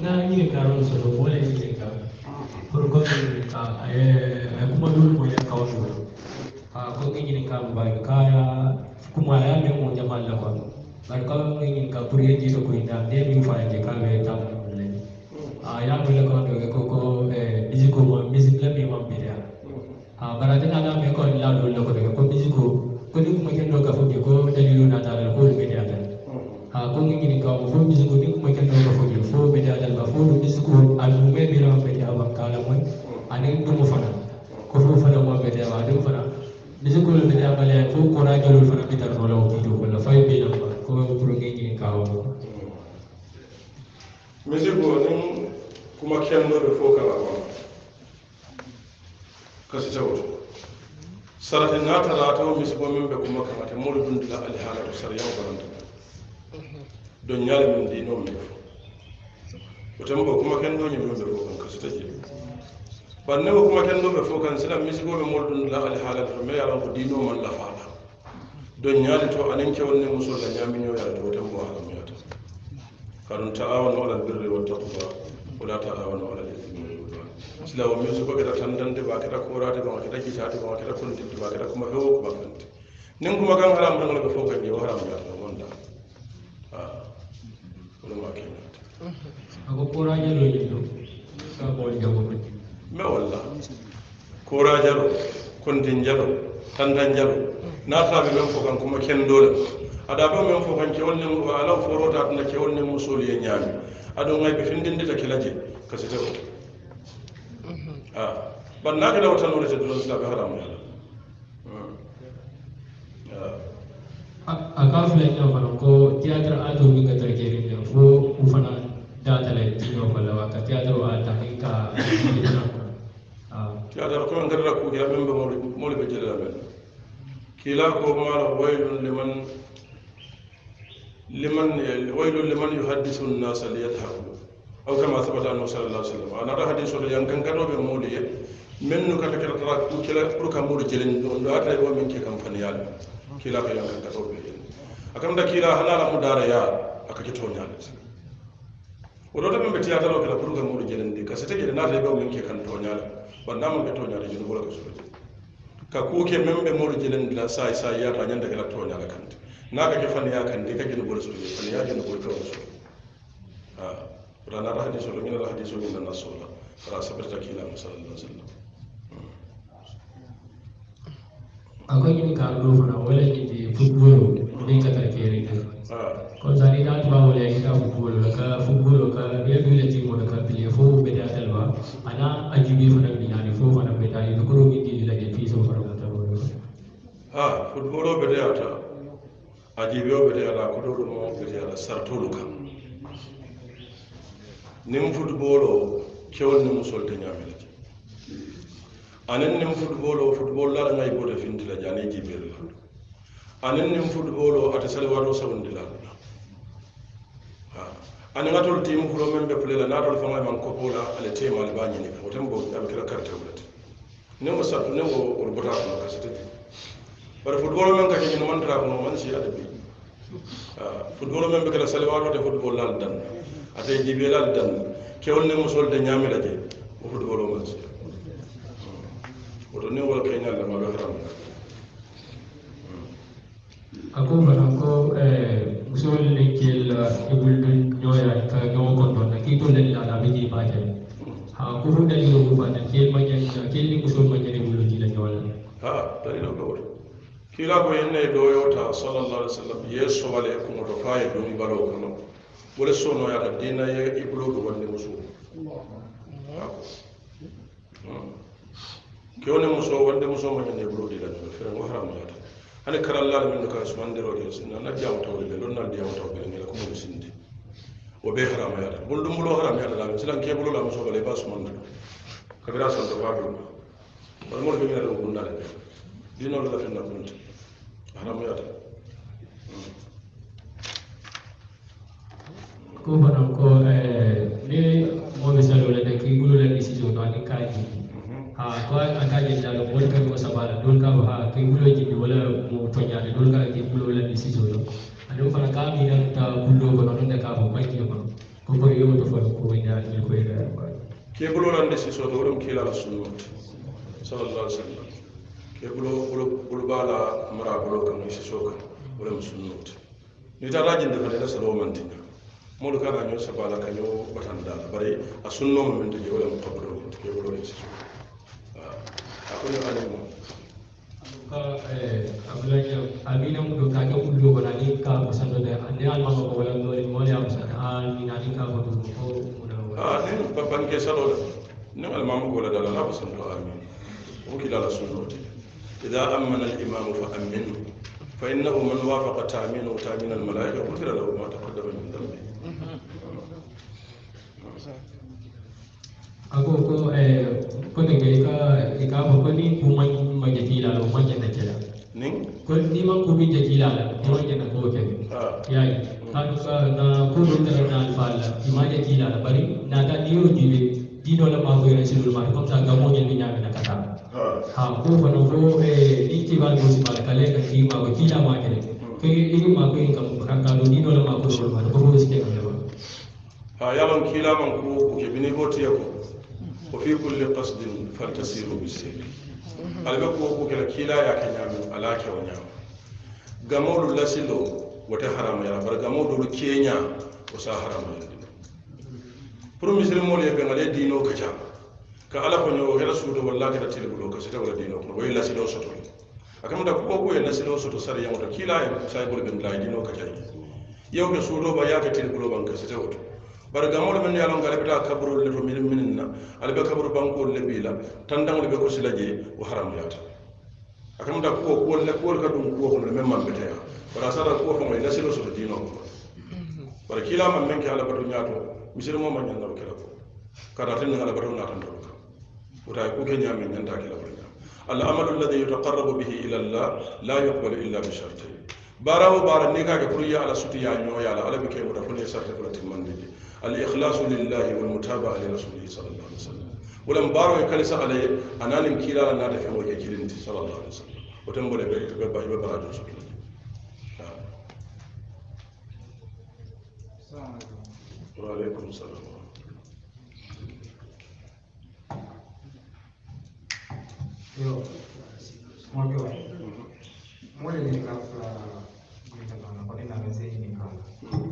நான் அங்கேயும் காரணம் சொல்லுவோம் போல இருக்காங்க ஒரு gongo nika kuma dole mu yanka wasu wani a gongo nika ba kaya kuma ya mai mu jama'a da kwano barkan yin ka puri ji ko ina ne mi fa je ka be ta le a ya mu le ko do ko ko e biji ko mo biji le mi mo be ya ah, a barade na na me ko la do le ko ko biji ko ko ni mo ken do ka fu ko dalilu na ta ko be kon ngini kaw fo misigo ni kuma ken ɗoga fo jel fo ɓe dadal ba fo ɗo misigo alume ɓiran fete aban kala moy anen ɗumo fana ko fo fana mo ɓete awa ɗum fana misigol fete abalaya fo kora jalol fana ɓitarnola o kiito walla fay ɓenan ba ko pour nge ngini kawa mo misigo nin kuma kennoɓe fo kala wa kasi tawoto sarate natalato misigo min ɓe kuma kamate molu dundila alihaalato sara yaw baranta don yala min di no mi wata mako kuma kan do nyim da ko kan ta ke ne ko kuma kan do be fo kan sila misi ko be da la al halal fa me yalan ko di man la fala don yali to anin ke wonne muso da nyami ya to tan bo haram ya ta karun ta'awanu ala birri wat taqwa wala ta'awanu ala al-ithmi wal udwan sila wa misi ko da tan dan da ba kada kora da ba kada kita de ba kada kun de ba kada kuma hewo ba nin kuma kan haram dan ga fokan kan wa haram ya to wanda me walla kuurajalo kontinjalo tantanjalo naataɓe men fo kan kuma kendole aɗa ɗo men fo kan cewol nin alaw forota atana cewol nin musoli e ñaami aɗon ay ɓe findindita kilaje kasite o a ɓannaɗe lawa tan wonete dulan silaɓe haramu ala a k'a filɛ i n'a fana ko théâtre a to min ka taa kɛ min na fo u fana da ta la ti ɲɔgɔn fana wa ka théâtre a ta k'i ka théâtre ko n kɛra la kudiya min bɛ mɔli mɔli bɛ jeli lamɛn kila ko ma la wayilu liman liman wayilu liman yuhaddisu an-nasa liyadhaku aw kama thabata annahu sallallahu alaihi wasallam ana hadithu yan kan kado be mɔli ye men no kata kata tara ku kila pro kam mo jelen do do ata yo men ke kam fan yal kila ka yankan ka to be akam da kila halala mu dara ya aka kito nyal wodo da men betiya tara kala pro kam mo jelen de ka sete jelen na do men ke kan to nyal banda mo ke to nyal jinu bola ka so ka ku ke men be mo jelen de la sai sai ya ta nyanda kala to nyal kan na ka ke fan ya kan de ka jinu bola so fan ya jinu bola to ha rana da hadisu min da hadisu min da nasula ra sabarta kila sallallahu alaihi wasallam akwai yin kado fana wala ite football ne ka ta kere ka kon sani na tuba wala ita football ka football ka be dole ti mo ka pile fo be da talwa ana fana bi na fo fana be da ni ko mi di la ke fi so fana ko ta wala ha football be da ta ajibe be da la ko do mo be da la luka nim football kewol ni musol te ñamel anen nin futbolo futbolo la ngay bote finti jani ki la anen nin futbolo ate salwato sawndi la ha anen atol tim kulo men be pele la na tol fanga man kopo la ale tema al bani ni ko tembo am kira karte wulat ne mo sa ne mo or bota ko ka sete bar futbolo men ka ki man tra ko man si ade bi futbolo men be kala salwato de futbolo la dan ate jibelal dan kewol ne mo sol de nyami je futbolo man si woto niŋ wo le ka lama a be a ko fana ko eh, musoolu le keel eh, i bulu ñooya ka ñoŋo kontoŋ na kii to le la la a be jee baa jee ha ko fo dali yo ko fana keel ma ñani la keel ni musoolu ma ñani bulu ji ñoo la ha dari na ko woto kiila ko yen ne dooyo ta sallallahu alaihi wasallam ye sobale e kuŋoto faa ye doŋi baloo kono wo le soonoyaata diina ye i buloo duwandi musoo kewne muso wonde muso mo ñande ɓurodi la ɗum fere ngo haramuyata hani karallaɗo min ka sumanderode sinna na jiyama tawrile lonnal jiyama taw ɓele ngela ko mum sinde o ɓe haramuyata bol ɗum ɓulo haramuyata lamin silan la musogala e ba sumanda ɗum kabira santo faɓima wala moɗo ɓe minata ɗum gundale nde dinolo latinna bunte haramuyata ko hono ko eh, ni moɓe salole ɗe ki gulolal décision ɗo ani kaji ha to an ka je jalo bon to mo sabala don ka ha ke bulo ji ni wala mo to nyaade don ka ke bulo la ni siso yo adon fana ka mi nan ta bulo ko non da ka bo mai ke ko ko ko yo to fon ko ina ni ko ina ke bulo lan de siso to dum kila rasulullah sallallahu alaihi wasallam ke bulo bulo bulo bala mara bulo kan siso kan wala musulmot ni ta rajin da fara da salo mantinya molu kana ñoo sabala kañoo batandala bari a mo men to je wala mo kabro to akulu alumu ka abulaja amina mudo ka ke kullo bana ni ka musando da ne alma ko wala no ni wala musaka amina ni ka bodu ko muna wala ne papan ke salo da ne alma ko wala da la musando amin o kila la sunnati idza amana al imam fa aminu fa innahu man wafaqa ta'minu ta'min al malaika ghufira lahu ma taqaddama min dhanbihi ko ko ne ke ka ka ba ko ni ku man ma je kila lo man je na kila ni ko ni ma ku bi je kila la ko man je na ko ke yayi kanu ka na ko do ta na alfa la ki ma je kila la bari na ga ni yo jibe di do la ma ko ra silul ma ko ta ga mo je ni nya na kata ha ko fa no ko eh ni ti ba go si ba kale ka ki ma ko ki kila ma ke ke ni ma ko in ka ka do ni do la ma ko ro ma ko ro si ke yalon kilaman ko ko ke bini hoti ya ko ko fi kulli qasdin fantasiru bi sayyid alba ko ko ke kila ya kan yami alake wanya gamodu lasilo wata haram ya bar gamodu kenya ko sa haram ya dinu pro misri mole ya bengale dino ka ja ka ala ko nyo ga rasul do wallahi da tilu lo ka sita wala dino kuma. wayi lasilo soto akam da ko ko ya lasilo soto sare ya mota kila ya sai gurbin lai dino ka ja yau da sodo ba ya ga tilo lo ban ka bari gamolu men ye lonko ala bita kaburolu le to mili minin na ala be kaburu bankolu le bii la tandaŋolu be kosila je wo haramuyata a kamata kuwo kuwolu le kuwolu ka duŋ kuwo kono le meŋ maŋ beteya bari a sata kuwo faŋo i nasilo soto diinoo kono bari kiila maŋ meŋ ke ala bato ñaato misilimoo ma ñaŋ nawo kela ko kada tin ala bato naatantolu kaŋ wota ye ku ke ñaameŋ ñanta kela bato ñaam العمل الذي يتقرب به الى الله لا يقبل الا بشرطين بارا وبارا نيكا كبريا على سوتيا نيويا على على بكي ودا فني سرت مندي الإخلاص لله والمتابعة لرسوله صلى الله عليه وسلم ولم بارو يكنس عليه أنا كيلا لنا دفعه يجلنت صلى الله عليه وسلم وتنبول بيتبع ببراج رسول الله وعليكم السلام Yo, mo yo, mo le ni ka fa, mo le ni ka fa, mo le ni ka fa.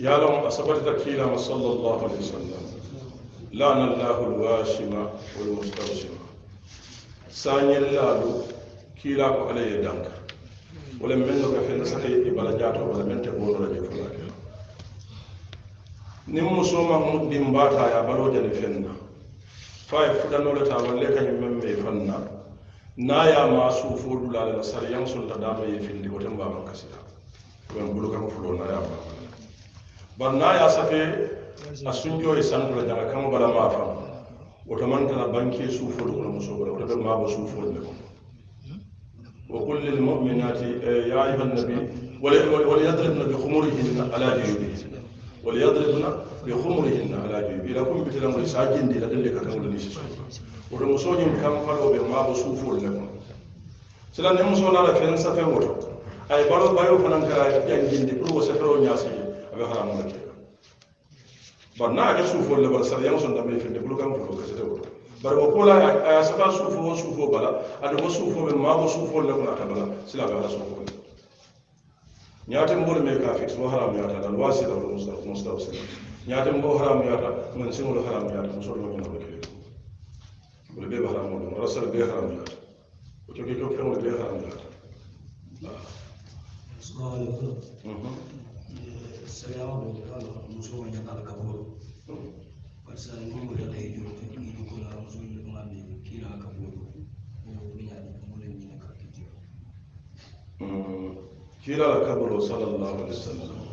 يعلم أثبت تكيلا وصلى الله عليه وسلم لعن الله الواشمة والمستوشمة ساني الله كيلا عليه دانك ولم من كفين سكي إبرجات ولا من تقول رجل فلاك نم سوما مدين باتا يا برو جل فينا فاي فدانو لتا ولي كان من مي فنا نايا ما سوفو دولا لسريان سلطة دامي في اللي وتنبا من كسيرا ومن بلوكا فلونا يا بابا banna ya safe a sun yo e san kula daga kan bala ma fa wata man tana banke su fulu kuma muso bala wata ma ba su fulu ne wa qul lil mu'minati ya ayuha nabi wal yadribna bi khumurihinna ala juyubihinna wal yadribna bi khumurihinna ala juyubihinna ila kum bitilan wal sajin dila dalle ka kan wala ni shi wata muso yin kan falo be ma ba su fulu ne sila ne muso la da fen safe wato ay baro bayo fanan kara yan gindi ko safe o nyasi abe haramu la ke bar na ake sufo le bar sar yamusun da mai fende bulukan fulo ka sita wuro bar ma kola ya saba sufo wa sufo bala a da wa sufo min ma wa sufo le kuna ta bala sila bai ala sufo ne nyatin bol mai kafi sun haramu ya ta dalwasi da wani mustafa nyatin bo haramu ya ta mun sin wani haramu ya ta musu da wani abu ke wani bai ba haramu da rasar bai haramu ya ta wato ke kyau kyan wani bai haramu ya ta sɛbɛnnaama dɔ kan ka muso ma ɲaga la ka bɔ barisa ni o yɛrɛ ye jɔrɔ fɛ i dogo la muso in bɛ ma bi k'i la ka bɔ kira la kabaro sallallahu alaihi wasallam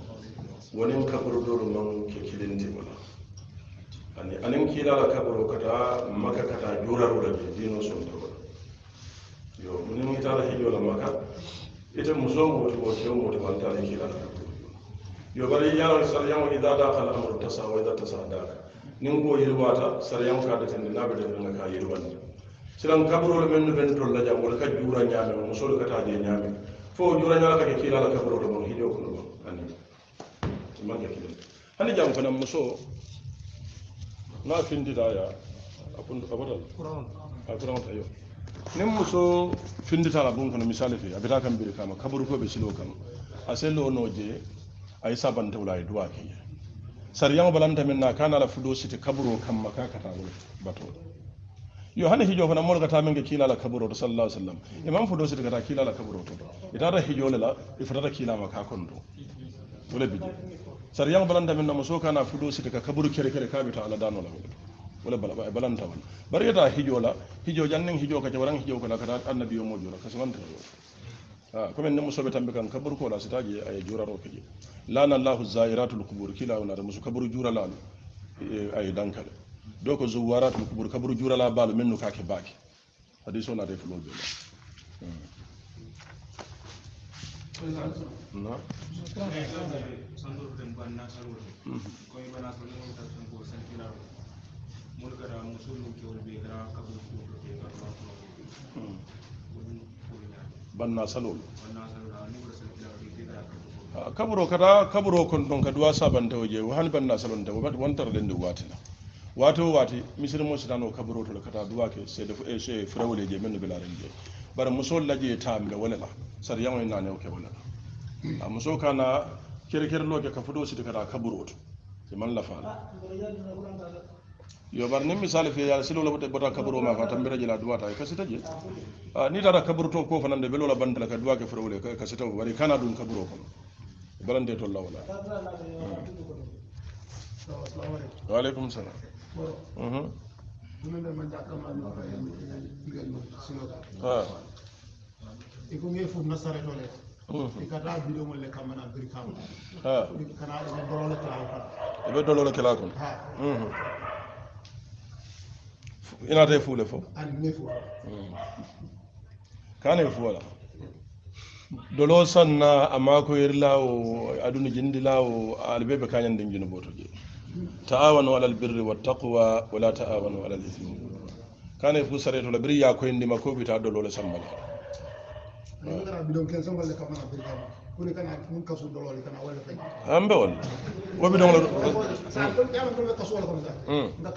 wani kabaro doro man ke kilin te wala ani anin kira la kabaro kada maka kada jura rura ke dino son to yo mun mun tara hijo la maka ita muso mu to ko mu to ban tara kira la yogari yawon saryan wani da da kan amur ta sawa da ta sada nin ko yirwa ta saryan ka da tindina bi da ka yirwa ne silan kabrol men no ben to laja wal ka jura nyame mo sol ka ta je nyame fo jura nyala ke kila la kabrol mo hido ko no ani man ka kila hani jam ko nan muso na findi da ya apun abadal qur'an alquran tayo nin muso findi tala bun kono misali fi abita kan bi kama kabru ko be silo kan aselo no je ay sabantewla ay e duwa keñe sariyaŋo balanta min na kana la fulo siti kaburo kamma ka katawol batoɗo yo hande hijo fana moɗo kata min ke la kaburo to sallallahu alaihi wasallam imam fulo siti kata kiila la kaburo to ɗo itata hijole la ifotata kiilama ka konto wole bije sariyaŋo balanta min na muso kana fulo siti ka kaburu kere kere ka bita ala dano la wala bala balanta wala bari yata hijo la hijo jannin hijo ka ce hijo ka la kata annabiyo mojo la kasuwanta yo comme ah, ni musobe tambe kan kaburu kola sitaji aye juraro keje lana llahu zairatul kubur kila onata muso kaburu juralalu e, ay e dankale do ko zuwaratul kubur kaburu jurala balu min nu kake baake hadis onata e fuloɓe la mulu hmm. banna salol kaburo kada kaburo kon don ka duwa saban ta waje wani banna salon da wani tarlen da na wato wato misir musu dano kaburo to kata duwa ke sai da sai firawle je min bilaren je bar muso laje ta mi wala la sar yawo na ne ke wala a muso kana kirkir loke ka fudo shi da kaburo to sai man lafala yo bar nin misali fe yala silo labata bata kaburo ma fata mbira jela duwa ta kasita je ah, ni tara kaburo to ko fanande belo la bandala ka duwa ke frawle ka kasita wari kana dun kaburo ko balande to lawla hmm. wa alaikum salam mhm iko ah. ngi fu nasare to le mhm. ikata video mo le kamana bir kam ha kana be dololo kala ko be dololo kala ko mhm inata e fuule fo kana e fuwola dolo sanna amma ko yirlawo aduna jindilawo albe be kañan den jino boto je taawanu alal birri wattaqwa wala taawanu alal ithmi kana e fu saretola biri yakoyindima ko bita dolole sammale an bɛ wala o bidɔn la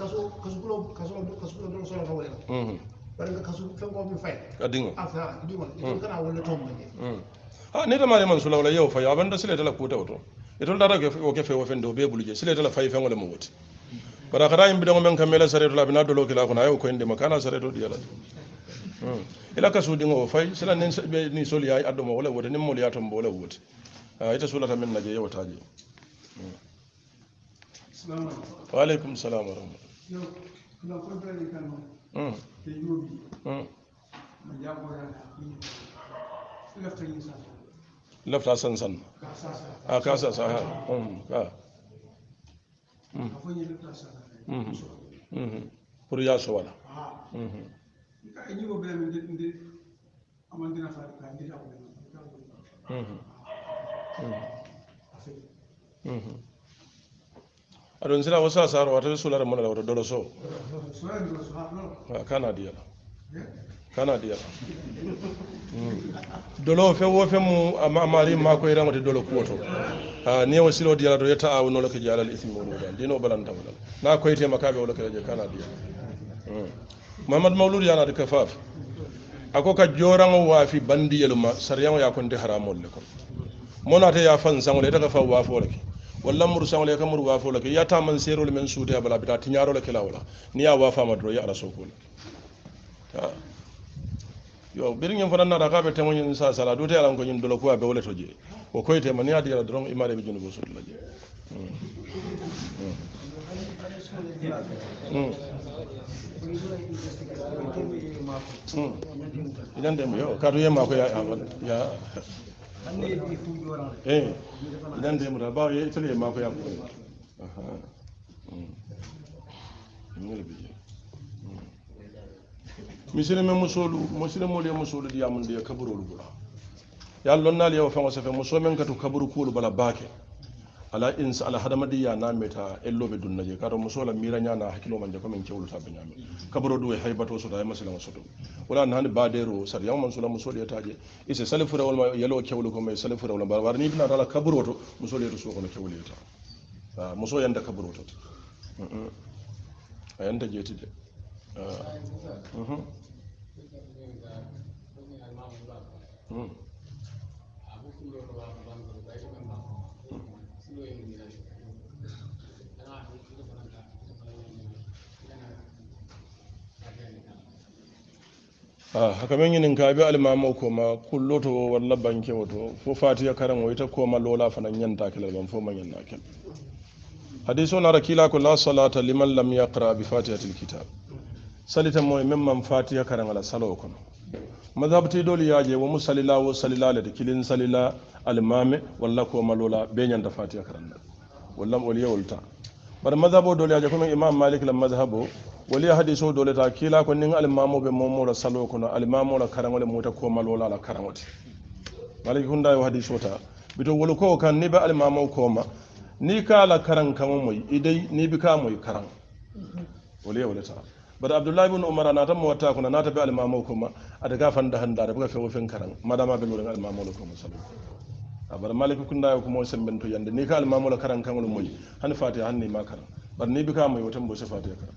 fengo mi fay adingo afara dingo ito kana wala to manje ke fe o fen do be left asan san a kasa sa ha ka pour ya so wala Mm-hmm. Mm-hmm. aɗon sila wo sasaro wata sulare mona la wota dolo soo kana diyala kana diyala hmm. dolo fen wo fen mu amari mako irangote dolo kuwoto a niyewo silo diyala to yetta awo nolokke ji alal ismi oruɗan dino balantawolal na koyitema kaɓe olokkeleje kana diyala mouhamadou hmm. mawlud yanade ke faaf a ko ka jorango waafi bandiyelu ma sariyango yakonte haramolle ko monate ya fan sangole yetaka fa waafoleke walla muru saŋole ka muru waafoo le ke ye taamaŋ seerolu meŋ suuteya bala bita tinyaro le kala wala ni ya wa a waafaama doro ye ala sooko le yo biri ñiŋ na da ka be teŋo ñiŋ sa sala do te ala laŋ ko dolo kuwa be wala le to ko ko koyitema niŋ ye a diyala doroŋ bi be junubu soto la idan ya eh ba ya eh, ita ne ma ko ya ko aha mm. ne bi misilime musolu musilimolu ye musolu diyamundiya kaburolu bula ye a lonnaalu ye wo feŋo sefe musoo men katu kaburu kuolu bala baake ala insa ala hadamadi ya na meta ello be dunna je kado muso la mira nya na hakilo man je ko min cewlu nyame kabro do haybato so da masala masoto wala nan ba dero sar yam man sula muso de je ise salifura wala yalo cewlu ko mai salifura wala bar ni bina tala kabro to muso de to so ko cewlu ta muso yanda kabro to ayanda je ti mhm mhm Ah, haka men ñinin ka bi alimamo koma kullo to walla banke wato to fo fatiya karan o ita koma lola fana yan kelal ban fo man yan nakil hadisu na rakila kila ko la salata liman lam yaqra bi fatihatil kitab salita moy min man fatiya karan ala salo mazhabti madhab ya je wa salila wo salila da kilin salila alimame walla koma lola be da fatiya karan wallam ol yewolta bara madhab o ya je kuma imam malik lam mazhabo wali hadiso dole ta kila ko nin almamo be momo la salo kono almamo la karan wala mota ko malola la karamo ti malik hunda yo hadiso ta bito wolo ko kan ni ba almamo ko ma ni ka la karan kamo moy idai ni bi ka moy karan wali wala ta bar abdullahi ibn umar na ta wata kuna na ta bi almamo ko ma a daga fan da handa da buka fe wofin karan madama be lorin almamo ko ma sallu a bar malik kunda yo mu san bento yanda ni ka almamo la karan kan mu han fatiha hanni ma karan bar ni bi ka moy wata mu sai fatiha karan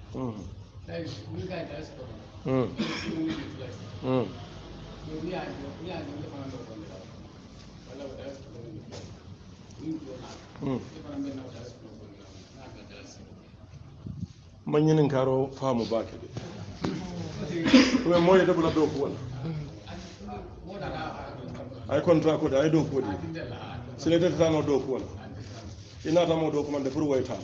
man ñinin karo faamu baake de ɗume moye debula dow ko wona ay contrat ko de ay dow ko woni sine detetano dow ko wona i naatamo dow ko man pour woytama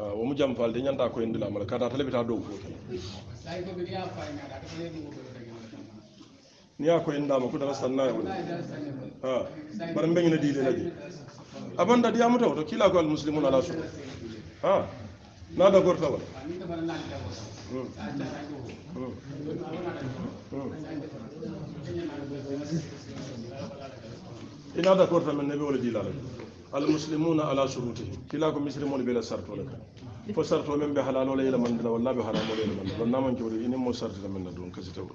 wo uh, mu jam fal ñanta ko indi lamal kata tale bi ta do ko ni ya ko inda ko ku dara sanna ya wala ha bar mbe ngina dile nabi abanda diya mu to kila ko al muslimun ala su ha na da gorta wala hmm. hmm. hmm. ina da korta men nabi wala dilala المسلمون على شروطهم كلاكم مسلمون بلا شرط ولا كان فشرط من بحلال ولا إلى من ولا بحرام ولا إلى من ولا من جوري إني مو شرط من دون كسيتو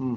Mm.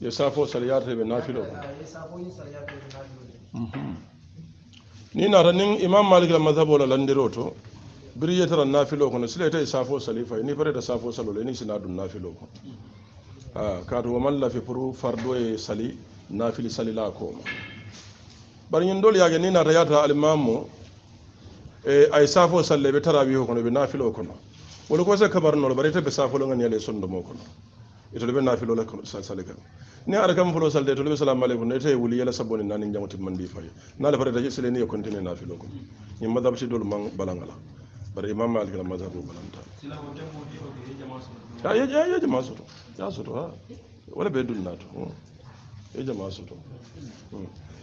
ye safo saliyata nafilo ni nata nin imam malik la madhabo la landiro to biri yetara nafilo kono sila ita safo sali fay ni fareta safo salole ni sina nafilo ko a kaatu woman lafi pour fardo e sali nafili salila koma bari ñin ɗol yaage ni nata yata alimamu e ay safo salle ɓe tarawiho kono be nafilo kono woni ko se kabarnolo bari ita ɓe safolo ngan yale sondomo kono itolu be nafilo la sali kan ni ara kam folo salde itolu be salamu aleykum ite wuli yela saboni nani jamuti mandi faye nala fata taji sile ni ye kontine nafilo ko ñin madhabati dolu man balangala bari imam malik la madhabu balanta a ye jama soto ya soto ha wala be dul nato ye jama soto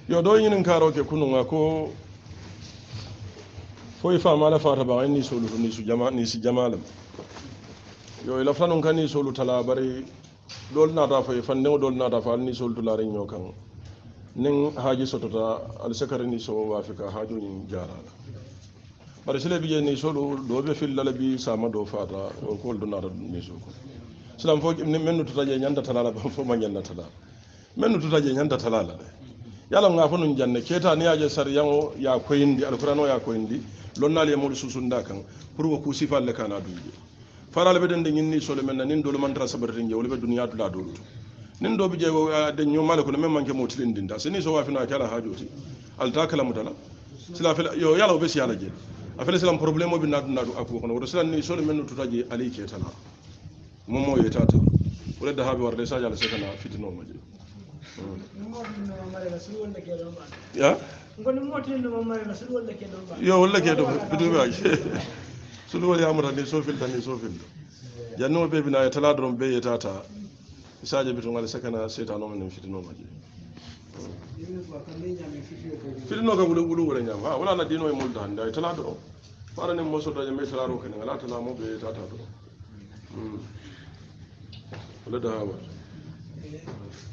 yo do ñinin karo ke kununga ko foyi famala fata ba ni solu ni su jama ni si jamalam yo ila fanun kan ni solu tala bari dol na ta fay e fan ne dol na ta fa ni solu tala rin kan nin haji sotota al sakari ni so wa ka haju ni jara bari sile bije ni solu do be fil la bi sama do fata o ko do na ta ni so ko silam fo ni men no tutaje nyanda tala ba fo ma nyanda tala men no tutaje nyanda tala la yala nga fo nun janne keta ni aje sar yango ya koyindi alqur'ano ya koyindi lonnal ya mudu susunda kan pour ko sifal le kana duje faral be dende de ñin ni solo men na nin dolu man tra sabar ringe wol be duniya dula dolu nin do bi je eh, de ñu mala ko le men manke mo tilin dinda seni so wafina kala hajoti al takala mutala sila fil yo yala be siyala je afele sila problème bi nadu nadu akko kono wor sila ni solo men tuta je ali ke tala mo mo ye tata wala da habi war de sa jala se kana fitino ma je ya ngol mo mare la sul wala ke do ba yo wala ke do bidu ba suluwol yamata ni sofilta ni sofilta jannuwo ɓe bina e tala doron be yetata isaje bitogal sakana setanoma nen fitinoma je fitino kam wulu wole ñama ha wala na dino e multa hande ay tala doron fara nen mosotoje mbe talaro kene tala mo ɓe yetata doron hmm. wala da